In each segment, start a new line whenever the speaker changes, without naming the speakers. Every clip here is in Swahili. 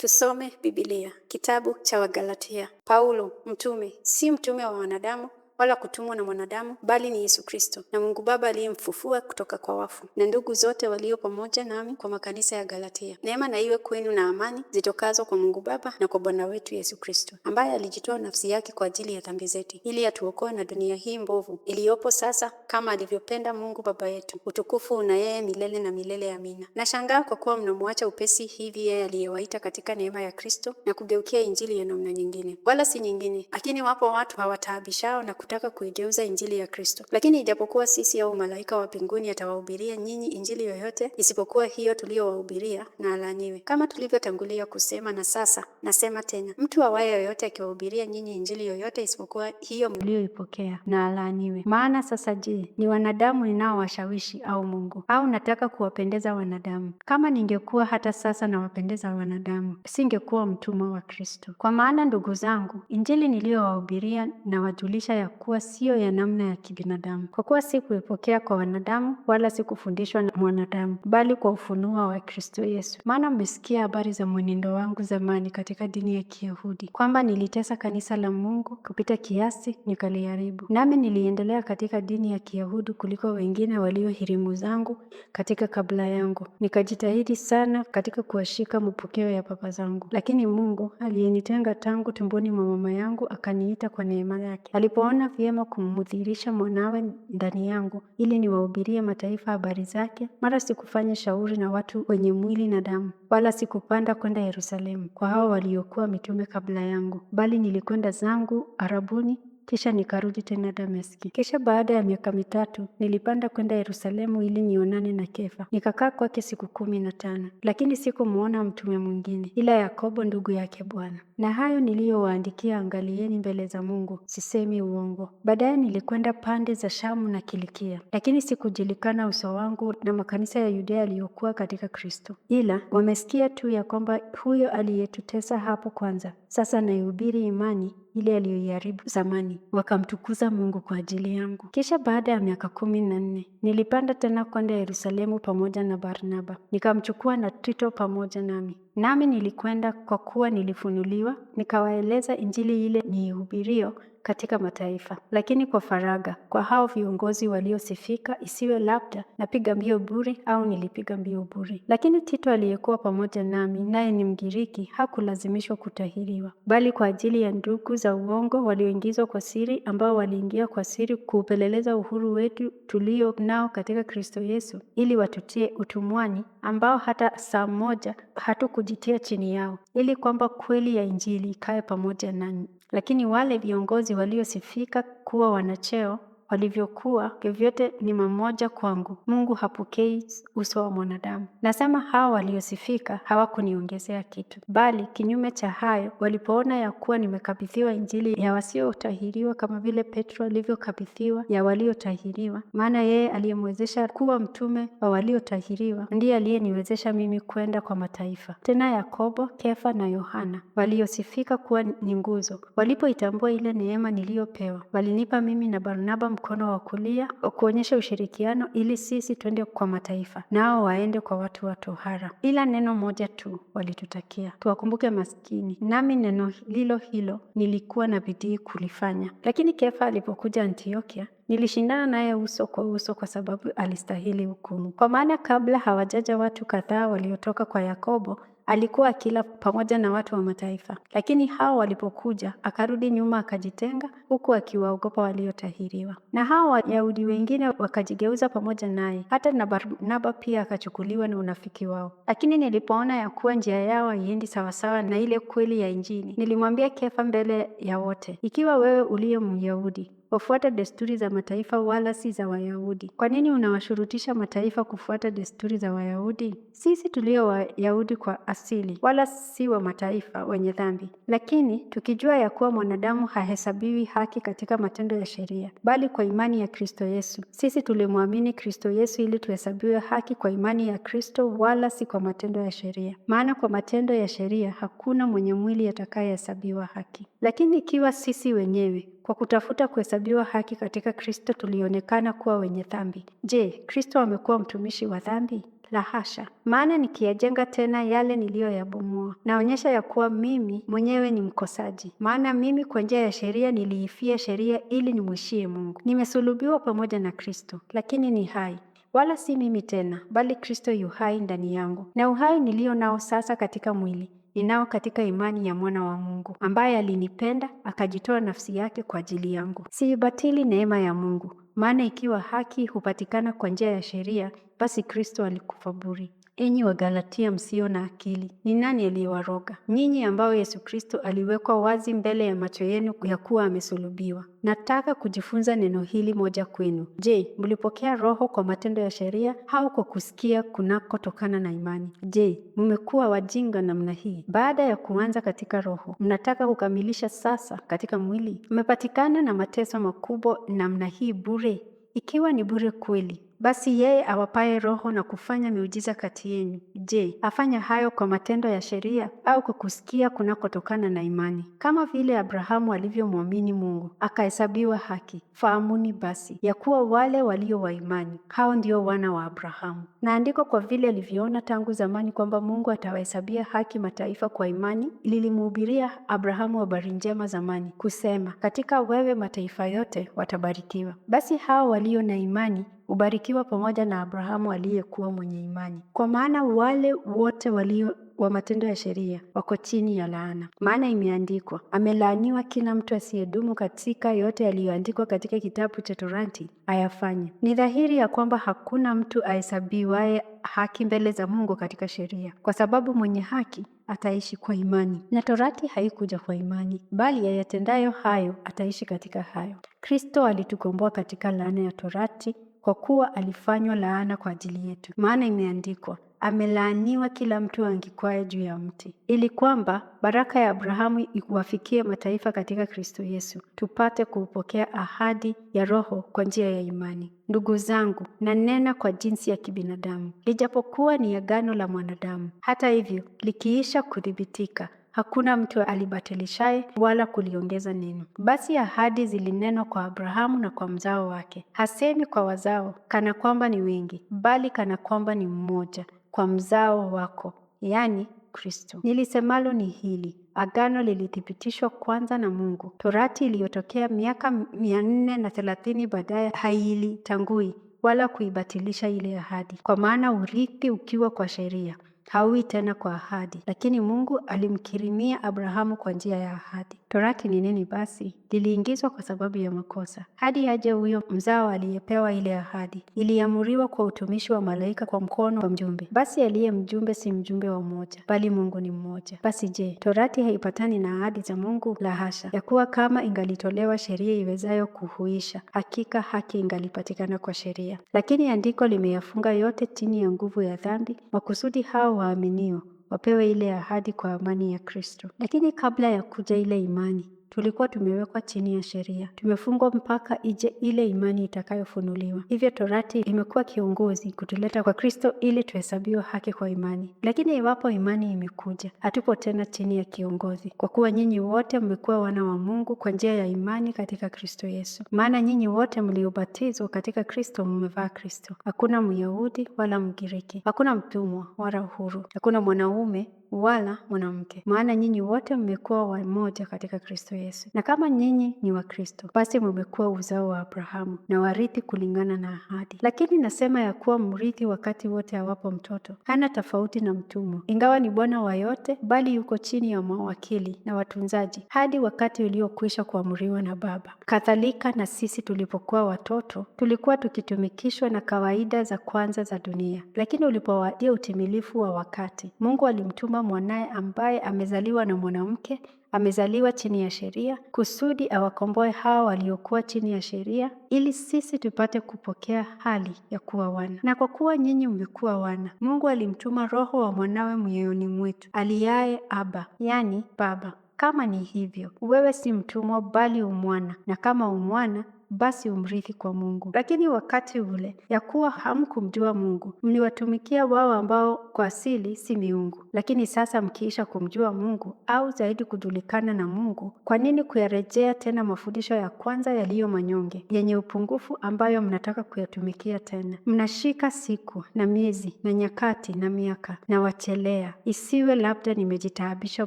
Tusome Biblia, kitabu cha Wagalatia. Paulo mtume, si mtume wa wanadamu, wala kutumwa na mwanadamu, bali ni Yesu Kristo na Mungu Baba aliyemfufua kutoka kwa wafu, na ndugu zote walio pamoja nami kwa makanisa ya Galatia. Neema na iwe kwenu na amani zitokazo kwa Mungu Baba na kwa Bwana wetu Yesu Kristo, ambaye alijitoa nafsi yake kwa ajili ya dhambi zetu, ili atuokoe na dunia hii mbovu iliyopo sasa, kama alivyopenda Mungu Baba yetu. Utukufu una yeye milele na milele, amina. Nashangaa kwa kuwa mnamwacha upesi hivi yeye aliyewaita katika neema ya Kristo na kugeukia injili ya namna nyingine, wala si nyingine. Lakini wapo watu hawataabishao na kutaka kuigeuza injili ya Kristo. Lakini ijapokuwa sisi au malaika wa mbinguni atawahubiria nyinyi injili yoyote isipokuwa hiyo tuliyowahubiria, na alaniwe. Kama tulivyotangulia kusema na sasa nasema tena, mtu awaye yoyote akiwahubiria nyinyi injili yoyote isipokuwa hiyo mliyoipokea, na alaniwe.
Maana sasa, je, ni wanadamu ninaowashawishi au Mungu? Au nataka kuwapendeza wanadamu? Kama ningekuwa hata sasa nawapendeza wanadamu, singekuwa mtumwa wa Kristo. Kwa maana ndugu zangu, injili niliyowahubiria na wajulisha ya kuwa siyo ya namna ya kibinadamu, kwa kuwa si kuipokea kwa wanadamu wala si kufundishwa na mwanadamu, bali kwa ufunuo wa Kristo Yesu. Maana mmesikia habari za mwenendo wangu zamani katika dini ya Kiyahudi, kwamba nilitesa kanisa la Mungu kupita kiasi, nikaliharibu. Nami niliendelea katika dini ya Kiyahudi kuliko wengine waliohirimu zangu katika kabla yangu, nikajitahidi sana katika kuwashika mapokeo ya papa zangu. Lakini Mungu aliyenitenga tangu tumboni mwa mama yangu akaniita kwa neema yake alipoona nikaona vyema kumdhihirisha mwanawe ndani yangu ili niwahubirie mataifa habari zake, mara sikufanya shauri na watu wenye mwili na damu, wala sikupanda kwenda Yerusalemu kwa hao waliokuwa mitume kabla yangu, bali nilikwenda zangu Arabuni kisha nikarudi tena Dameski. Kisha baada ya miaka mitatu nilipanda kwenda Yerusalemu ili nionane na Kefa. Nikakaa kwake siku kumi na tano, lakini sikumwona mtume mwingine ila Yakobo ndugu yake Bwana. Na hayo niliyowaandikia angalieni mbele za Mungu, sisemi uongo. Baadaye nilikwenda pande za Shamu na Kilikia, lakini sikujulikana uso wangu na makanisa ya Yudea yaliyokuwa katika Kristo, ila wamesikia tu ya kwamba huyo aliyetutesa hapo kwanza sasa naihubiri imani ile aliyoiharibu zamani, wakamtukuza Mungu kwa ajili yangu. Kisha baada ya miaka kumi na nne nilipanda tena kwenda Yerusalemu pamoja na Barnaba, nikamchukua na Tito pamoja nami nami nilikwenda kwa kuwa nilifunuliwa, nikawaeleza Injili ile niihubirio katika mataifa, lakini kwa faraga kwa hao viongozi waliosifika, isiwe labda napiga mbio bure au nilipiga mbio bure. Lakini Tito aliyekuwa pamoja nami, naye ni Mgiriki, hakulazimishwa kutahiriwa, bali kwa ajili ya ndugu za uongo walioingizwa kwa siri, ambao waliingia kwa siri kuupeleleza uhuru wetu tulio nao katika Kristo Yesu, ili watutie utumwani, ambao hata saa moja hatukujitia chini yao, ili kwamba kweli ya Injili ikae pamoja nanyi. Lakini wale viongozi waliosifika kuwa wanacheo walivyokuwa, vyovyote ni mamoja kwangu. Mungu hapokei uso wa mwanadamu. Nasema hao waliosifika hawakuniongezea kitu, bali kinyume cha hayo, walipoona ya kuwa nimekabidhiwa Injili ya wasiotahiriwa kama vile Petro alivyokabidhiwa ya waliotahiriwa, maana yeye aliyemwezesha kuwa mtume wa waliotahiriwa ndiye aliyeniwezesha mimi kwenda kwa mataifa. Tena Yakobo, Kefa na Yohana waliosifika kuwa ni nguzo, walipoitambua ile neema niliyopewa, walinipa mimi na Barnaba mkono wa kulia kuonyesha ushirikiano ili sisi twende kwa mataifa nao waende kwa watu wa tohara. Ila neno moja tu walitutakia, tuwakumbuke maskini. Nami neno lilo hilo nilikuwa na bidii kulifanya. Lakini Kefa alipokuja Antiokia nilishindana naye uso kwa uso kwa sababu alistahili hukumu. Kwa maana kabla hawajaja watu kadhaa waliotoka kwa Yakobo Alikuwa akila pamoja na watu wa mataifa, lakini hao walipokuja akarudi nyuma akajitenga, huku akiwaogopa waliotahiriwa. Na hao Wayahudi wengine wakajigeuza pamoja naye, hata na Barnaba pia akachukuliwa na unafiki wao. Lakini nilipoona ya kuwa njia yao haiendi sawasawa na ile kweli ya Injili, nilimwambia Kefa mbele ya wote, ikiwa wewe uliye Myahudi wafuata desturi za mataifa wala si za Wayahudi. Kwa nini unawashurutisha mataifa kufuata desturi za Wayahudi? Sisi tulio Wayahudi kwa asili, wala si wa mataifa wenye dhambi, lakini tukijua ya kuwa mwanadamu hahesabiwi haki katika matendo ya sheria, bali kwa imani ya Kristo Yesu. Sisi tulimwamini Kristo Yesu ili tuhesabiwe haki kwa imani ya Kristo, wala si kwa matendo ya sheria, maana kwa matendo ya sheria hakuna mwenye mwili atakayehesabiwa haki. Lakini ikiwa sisi wenyewe kwa kutafuta kuhesabiwa haki katika Kristo tulionekana kuwa wenye dhambi. Je, Kristo amekuwa mtumishi wa dhambi? La hasha! Maana nikiyajenga tena yale niliyoyabomoa, naonyesha ya kuwa mimi mwenyewe ni mkosaji. Maana mimi kwa njia ya sheria niliifia sheria ili nimwishie Mungu. Nimesulubiwa pamoja na Kristo, lakini ni hai wala si mimi tena, bali Kristo yu hai ndani yangu, na uhai niliyo nao sasa katika mwili ninao katika imani ya mwana wa Mungu ambaye alinipenda akajitoa nafsi yake kwa ajili yangu. Siibatili neema ya Mungu, maana ikiwa haki hupatikana kwa njia ya sheria, basi Kristo alikufa bure. Enyi wa galatia msio na akili, ni nani aliyewaroga nyinyi, ambao Yesu Kristo aliwekwa wazi mbele ya macho yenu ya kuwa amesulubiwa? Nataka kujifunza neno hili moja kwenu. Je, mlipokea Roho kwa matendo ya sheria au kwa kusikia kunakotokana na imani? Je, mmekuwa wajinga namna hii? Baada ya kuanza katika Roho, mnataka kukamilisha sasa katika mwili? Mmepatikana na mateso makubwa namna hii bure? Ikiwa ni bure kweli, basi yeye awapaye Roho na kufanya miujiza kati yenu, je, afanya hayo kwa matendo ya sheria au kwa kusikia kunakotokana na imani? Kama vile Abrahamu alivyomwamini Mungu akahesabiwa haki. Fahamuni basi ya kuwa wale walio wa imani hao ndio wana wa Abrahamu. Na andiko, kwa vile alivyoona tangu zamani kwamba Mungu atawahesabia haki mataifa kwa imani, lilimhubiria Abrahamu habari njema zamani, kusema, katika wewe mataifa yote watabarikiwa. Basi hao walio na imani Hubarikiwa pamoja na Abrahamu aliyekuwa mwenye imani, kwa maana wale wote walio wa matendo ya sheria wako chini ya laana, maana imeandikwa, amelaaniwa kila mtu asiyedumu katika yote yaliyoandikwa katika kitabu cha Torati ayafanye. Ni dhahiri ya kwamba hakuna mtu ahesabiwaye haki mbele za Mungu katika sheria, kwa sababu mwenye haki ataishi kwa imani. Na Torati haikuja kwa imani, bali yayatendayo hayo ataishi katika hayo. Kristo alitukomboa katika laana ya Torati kwa kuwa alifanywa laana kwa ajili yetu. Maana imeandikwa, amelaaniwa kila mtu aangikwaye juu ya mti, ili kwamba baraka ya Abrahamu iwafikie mataifa katika Kristo Yesu, tupate kuupokea ahadi ya Roho kwa njia ya imani. Ndugu zangu, nanena kwa jinsi ya kibinadamu, lijapokuwa ni agano la mwanadamu; hata hivyo likiisha kuthibitika hakuna mtu alibatilishaye wala kuliongeza neno. Basi ahadi zilinenwa kwa Abrahamu na kwa mzao wake. Hasemi kwa wazao, kana kwamba ni wengi, bali kana kwamba ni mmoja, kwa mzao wako, yaani Kristo. Nilisemalo ni hili: Agano lilithibitishwa kwanza na Mungu. Torati iliyotokea miaka mia nne na thelathini baadaye hailitangui wala kuibatilisha ile ahadi, kwa maana urithi ukiwa kwa sheria hawi tena kwa ahadi, lakini Mungu alimkirimia Abrahamu kwa njia ya ahadi. Torati ni nini basi? Liliingizwa kwa sababu ya makosa, hadi aje huyo mzao aliyepewa ile ahadi. Iliamuriwa kwa utumishi wa malaika kwa mkono wa mjumbe. Basi aliye mjumbe si mjumbe wa mmoja, bali Mungu ni mmoja. Basi je, Torati haipatani na ahadi za Mungu? La hasha! Ya kuwa kama ingalitolewa sheria iwezayo kuhuisha, hakika haki ingalipatikana kwa sheria. Lakini andiko limeyafunga yote chini ya nguvu ya dhambi, makusudi hao waaminio wapewe ile ahadi kwa amani ya Kristo. Lakini kabla ya kuja ile imani, Tulikuwa tumewekwa chini ya sheria, tumefungwa mpaka ije ile imani itakayofunuliwa. Hivyo torati imekuwa kiongozi kutuleta kwa Kristo ili tuhesabiwe haki kwa imani. Lakini iwapo imani imekuja, hatupo tena chini ya kiongozi, kwa kuwa nyinyi wote mmekuwa wana wa Mungu kwa njia ya imani katika Kristo Yesu. Maana nyinyi wote mliobatizwa katika Kristo mmevaa Kristo. Hakuna Myahudi wala Mgiriki, hakuna mtumwa wala uhuru, hakuna mwanaume wala mwanamke, maana nyinyi wote mmekuwa wamoja katika Kristo Yesu. Yesu. Na kama nyinyi ni Wakristo, basi mmekuwa uzao wa Abrahamu na warithi kulingana na ahadi. Lakini nasema ya kuwa mrithi wakati wote awapo mtoto, hana tofauti na mtumwa, ingawa ni bwana wa yote, bali yuko chini ya mawakili na watunzaji hadi wakati uliokwisha kuamriwa na Baba. Kadhalika na sisi tulipokuwa watoto, tulikuwa tukitumikishwa na kawaida za kwanza za dunia. Lakini ulipowadia utimilifu wa wakati, Mungu alimtuma mwanaye ambaye amezaliwa na mwanamke, amezaliwa chini ya sheria sheria kusudi awakomboe hawa waliokuwa chini ya sheria, ili sisi tupate kupokea hali ya kuwa wana. Na kwa kuwa nyinyi mmekuwa wana, Mungu alimtuma Roho wa mwanawe mioyoni mwetu aliaye Aba, yani Baba. Kama ni hivyo, wewe si mtumwa bali umwana, na kama umwana basi umrithi kwa Mungu. Lakini wakati ule ya kuwa hamkumjua Mungu, mliwatumikia wao ambao kwa asili si miungu. Lakini sasa mkiisha kumjua Mungu au zaidi kujulikana na Mungu, kwa nini kuyarejea tena mafundisho ya kwanza yaliyo manyonge, yenye upungufu, ambayo mnataka kuyatumikia tena? Mnashika siku na miezi na nyakati na miaka na wachelea, isiwe labda nimejitaabisha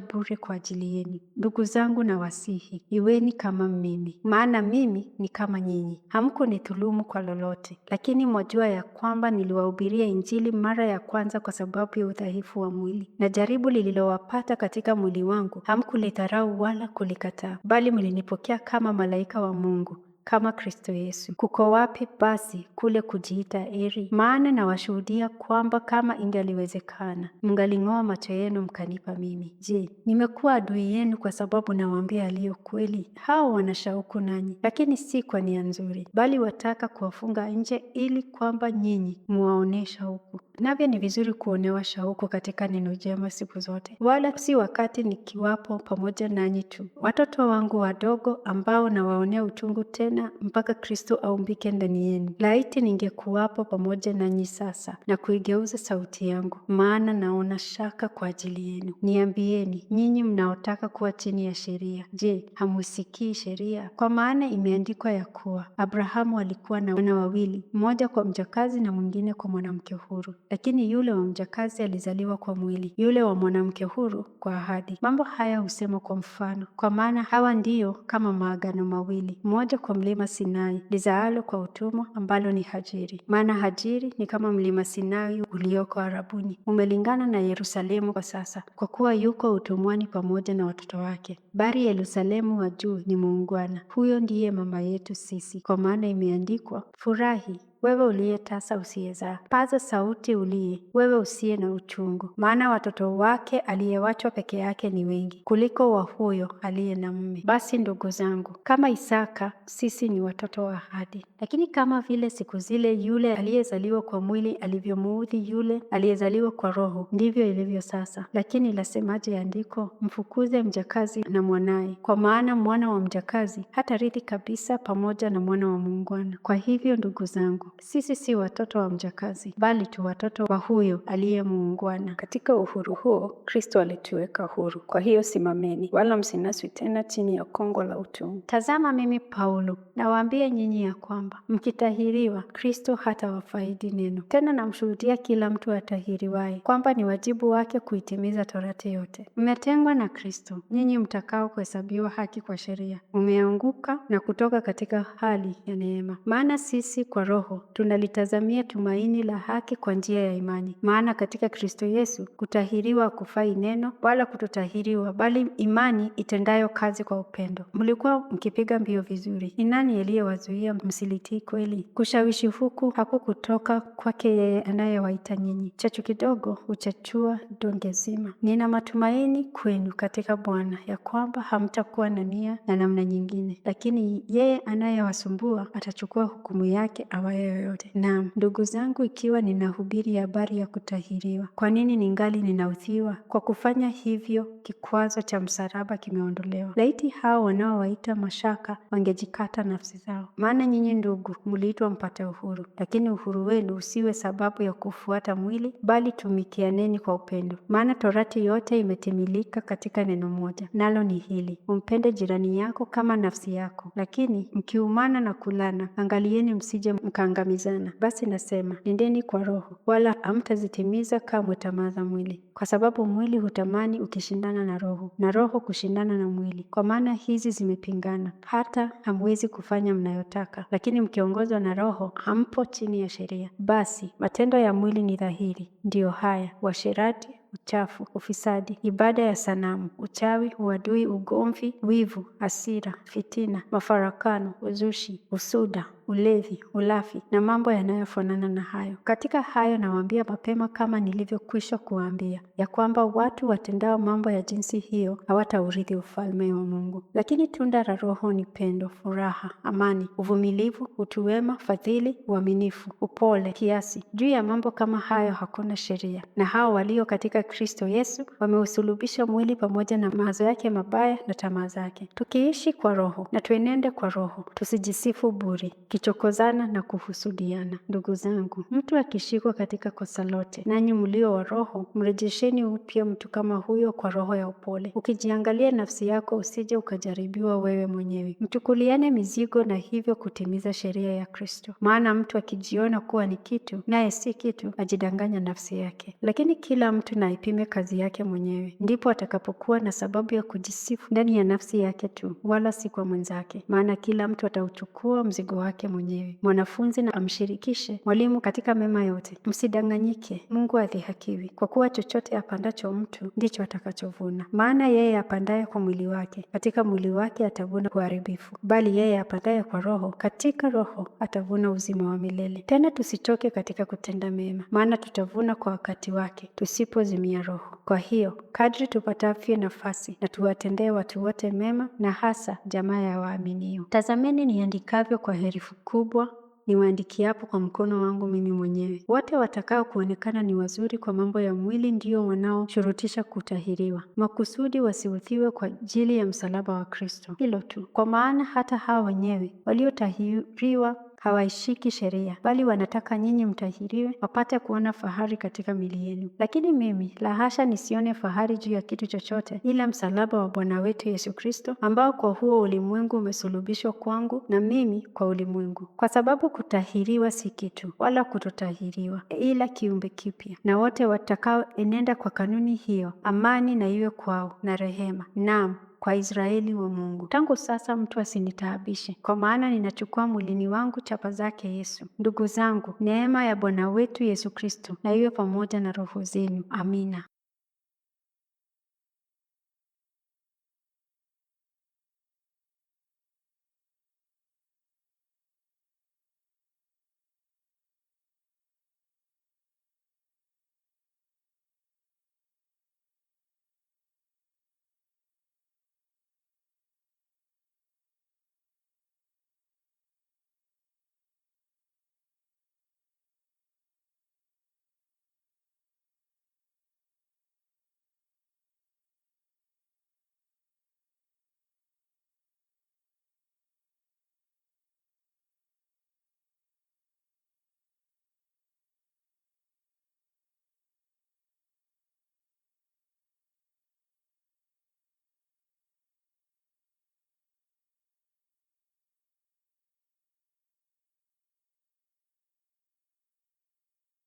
bure kwa ajili yenu. Ndugu zangu, na wasihi iweni kama mimi, maana mimi ni kama kama nyinyi. Hamku kwa lolote, lakini mwajua ya kwamba niliwahubiria Injili mara ya kwanza kwa sababu ya udhaifu wa mwili, na jaribu lililowapata katika mwili wangu hamkulidharau wala kulikataa, bali mlinipokea kama malaika wa Mungu kama Kristo Yesu. Kuko wapi basi kule kujiita eri? Maana nawashuhudia kwamba kama ingaliwezekana mngaling'oa macho yenu mkanipa mimi. Je, nimekuwa adui yenu kwa sababu nawaambia aliyo kweli? Hao wana shauku nanyi, lakini si kwa nia nzuri, bali wataka kuwafunga nje, ili kwamba nyinyi muwaonesha huku navyo ni vizuri kuonewa shauku katika neno jema siku zote, wala si wakati nikiwapo pamoja nanyi tu. Watoto wangu wadogo, ambao nawaonea uchungu tena mpaka Kristo aumbike ndani yenu, laiti ningekuwapo pamoja nanyi sasa na kuigeuza sauti yangu, maana naona shaka kwa ajili yenu. Niambieni nyinyi mnaotaka kuwa chini ya sheria, je, hamusikii sheria? Kwa maana imeandikwa ya kuwa Abrahamu alikuwa na wana wawili, mmoja kwa mjakazi na mwingine kwa mwanamke huru lakini yule wa mjakazi alizaliwa kwa mwili, yule wa mwanamke huru kwa ahadi. Mambo haya husema kwa mfano, kwa maana hawa ndiyo kama maagano mawili, mmoja kwa mlima Sinai lizaalo kwa utumwa, ambalo ni Hajiri. Maana Hajiri ni kama mlima Sinai ulioko Arabuni, umelingana na Yerusalemu kwa sasa, kwa kuwa yuko utumwani pamoja na watoto wake. bari Yerusalemu wa juu ni muungwana, huyo ndiye mama yetu sisi, kwa maana imeandikwa, furahi wewe uliye tasa usiyezaa, paza sauti uliye, wewe usiye na uchungu, maana watoto wake aliyewachwa peke yake ni wengi kuliko wa huyo aliye na mume. Basi ndugu zangu, kama Isaka sisi ni watoto wa ahadi. Lakini kama vile siku zile yule aliyezaliwa kwa mwili alivyomuudhi yule aliyezaliwa kwa roho, ndivyo ilivyo sasa. Lakini lasemaje andiko? Mfukuze mjakazi na mwanaye, kwa maana mwana wa mjakazi hatarithi kabisa pamoja na mwana wa muungwana. Kwa hivyo ndugu zangu, sisi si watoto wa mjakazi, bali tu watoto wa huyo aliye muungwana. Katika uhuru huo, Kristo alituweka huru. Kwa hiyo simameni, wala msinaswi tena chini ya kongo la utumwa. Tazama, mimi Paulo nawaambia nyinyi ya kwamba mkitahiriwa, Kristo hata wafaidi neno tena. Namshuhudia kila mtu atahiriwaye kwamba ni wajibu wake kuitimiza torati yote. Mmetengwa na Kristo, nyinyi mtakao kuhesabiwa haki kwa sheria, mmeanguka na kutoka katika hali ya neema. Maana sisi kwa Roho tunalitazamia tumaini la haki kwa njia ya imani. Maana katika Kristo Yesu kutahiriwa kufai neno wala kutotahiriwa, bali imani itendayo kazi kwa upendo. Mlikuwa mkipiga mbio vizuri. Ni nani aliyewazuia msilitii kweli? Kushawishi huku hakukutoka kwake yeye anayewaita nyinyi. Chachu kidogo huchachua donge zima. Nina matumaini kwenu katika Bwana ya kwamba hamtakuwa na nia na namna nyingine, lakini yeye anayewasumbua atachukua hukumu yake awaye yoyote. Naam, ndugu zangu, ikiwa ninahubiri habari ya kutahiriwa, kwa nini ningali ninauthiwa? Kwa kufanya hivyo, kikwazo cha msalaba kimeondolewa. Laiti hao wanaowaita mashaka wangejikata nafsi zao. Maana nyinyi ndugu, mliitwa mpate uhuru, lakini uhuru wenu usiwe sababu ya kufuata mwili, bali tumikianeni kwa upendo. Maana torati yote imetimilika katika neno moja, nalo ni hili, umpende jirani yako kama nafsi yako. Lakini mkiumana na kulana, angalieni msije mkanga mtaangamizana. Basi nasema nendeni kwa Roho, wala hamtazitimiza kamwe tamaa za mwili, kwa sababu mwili hutamani ukishindana na Roho, na Roho kushindana na mwili, kwa maana hizi zimepingana, hata hamwezi kufanya mnayotaka. Lakini mkiongozwa na Roho hampo chini ya sheria. Basi matendo ya mwili ni dhahiri, ndiyo haya: uasherati, uchafu, ufisadi, ibada ya sanamu, uchawi, uadui, ugomvi, wivu, hasira, fitina, mafarakano, uzushi, usuda ulevi, ulafi na mambo yanayofanana na hayo. Katika hayo nawaambia mapema kama nilivyokwisha kuwaambia, ya kwamba watu watendao mambo ya jinsi hiyo hawataurithi ufalme wa Mungu. Lakini tunda la Roho ni pendo, furaha, amani, uvumilivu, utu wema, fadhili, uaminifu, upole, kiasi. Juu ya mambo kama hayo hakuna sheria. Na hao walio katika Kristo Yesu wameusulubisha mwili pamoja na mawazo yake mabaya na tamaa zake. Tukiishi kwa Roho na tuenende kwa Roho, tusijisifu buri wakichokozana na kuhusudiana. Ndugu zangu, mtu akishikwa katika kosa lote, nanyi mlio wa Roho mrejesheni upya mtu kama huyo kwa roho ya upole, ukijiangalia nafsi yako, usije ukajaribiwa wewe mwenyewe. Mchukuliane mizigo, na hivyo kutimiza sheria ya Kristo. Maana mtu akijiona kuwa ni kitu, naye si kitu, ajidanganya nafsi yake. Lakini kila mtu na aipime kazi yake mwenyewe, ndipo atakapokuwa na sababu ya kujisifu ndani ya nafsi yake tu, wala si kwa mwenzake. Maana kila mtu atauchukua mzigo wake yake mwenyewe. Mwanafunzi na amshirikishe mwalimu katika mema yote. Msidanganyike, Mungu adhihakiwi, kwa kuwa chochote apandacho mtu ndicho atakachovuna. Maana yeye apandaye kwa mwili wake, katika mwili wake atavuna uharibifu, bali yeye apandaye kwa Roho, katika Roho atavuna uzima wa milele. Tena tusichoke katika kutenda mema, maana tutavuna kwa wakati wake, tusipozimia roho. Kwa hiyo kadri tupatavyo nafasi, na tuwatendee watu wote mema, na hasa jamaa ya waaminio. Tazameni niandikavyo kwa herufi herufi kubwa niwaandikiapo kwa mkono wangu mimi mwenyewe. Wote watakao kuonekana ni wazuri kwa mambo ya mwili ndio wanaoshurutisha kutahiriwa, makusudi wasiuthiwe kwa ajili ya msalaba wa Kristo. Hilo tu. Kwa maana hata hao wenyewe waliotahiriwa hawaishiki sheria, bali wanataka nyinyi mtahiriwe, wapate kuona fahari katika mili yenu. Lakini mimi la hasha, nisione fahari juu ya kitu chochote ila msalaba wa Bwana wetu Yesu Kristo, ambao kwa huo ulimwengu umesulubishwa kwangu na mimi kwa ulimwengu. Kwa sababu kutahiriwa si kitu, wala kutotahiriwa, ila kiumbe kipya. Na wote watakaoenenda kwa kanuni hiyo, amani na iwe kwao na rehema, naam kwa Israeli wa Mungu. Tangu sasa mtu asinitaabishe, kwa maana ninachukua mwilini wangu chapa zake Yesu. Ndugu zangu, neema ya Bwana wetu Yesu Kristo na iwe pamoja na roho zenu. Amina.